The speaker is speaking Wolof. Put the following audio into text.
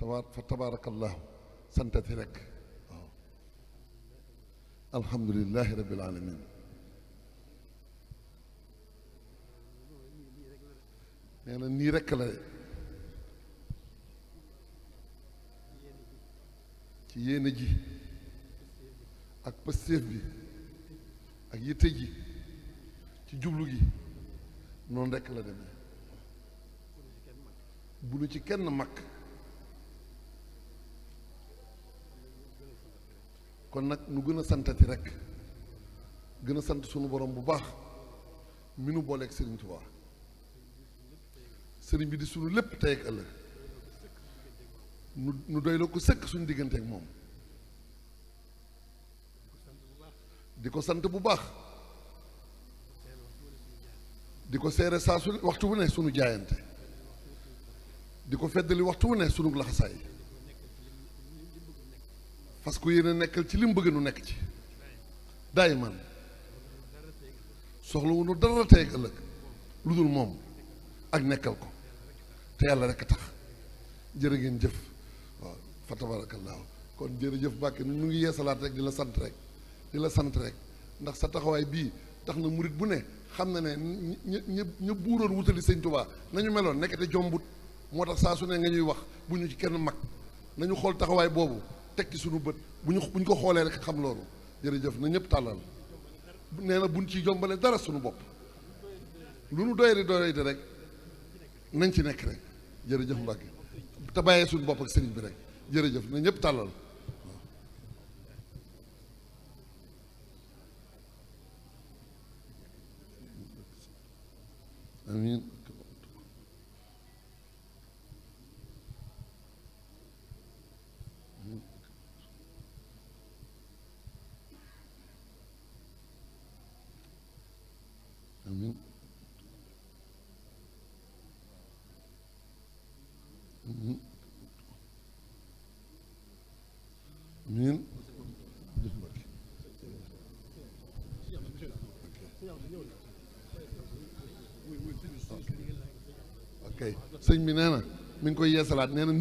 tabaar fa tabaarakallaahu santati rek waaw alhamdulilahi alamin nee na nii rekk la de ci yéene ji ak pëstéef bi ak yitte ji ci jublu gi noonu rekk la demee bu nu ci kenn mag kon nag nu gën a santati rek gën a sant sunu borom bu baax mi nu booleeg Serigne Touba sëriñ bi di sunu lépp tey ak ëllëg nu nu ko sëkk suñu diggante ak moom di ko sant bu baax di ko seere saa su waxtu wu ne suñu jaayante di ko feddali waxtu wu ne sunu laxasaay fas ku yéene nekkal ci li mu bëgg nu nekk ci daay man soxla wu nu dara tey ëllëg lu dul moom ak nekkal ko te yàlla rek tax jërë ngeen jëf waaw fa tabaarakallaahu kon jërëjëf Mbàkke nu ngi yeesalaat rek di la sant rek di la sant rek ndax sa taxawaay bii tax na murit bu ne xam na ne ña ña buuroon wutali sëñ Tubaa nañu meloon nekkete jombut moo tax saa su ne nga ñuy wax bu ñu ci kenn mag nañu xool taxawaay boobu tekki suñu bët bu ñu buñ ko xoolee rek xam loolu jërëjëf na ñëpp tàllal nee na buñ ci jombale dara suñu bopp lu nu doyadi doyadi rek nañ ci nekk rek jërëjëf Mbacke te bàyyee suñu bopp ak sëriñ bi rek jërëjëf na ñëpp tàllal amiin ok sëñ bi nee na mi ngi koy yeesalaat nee na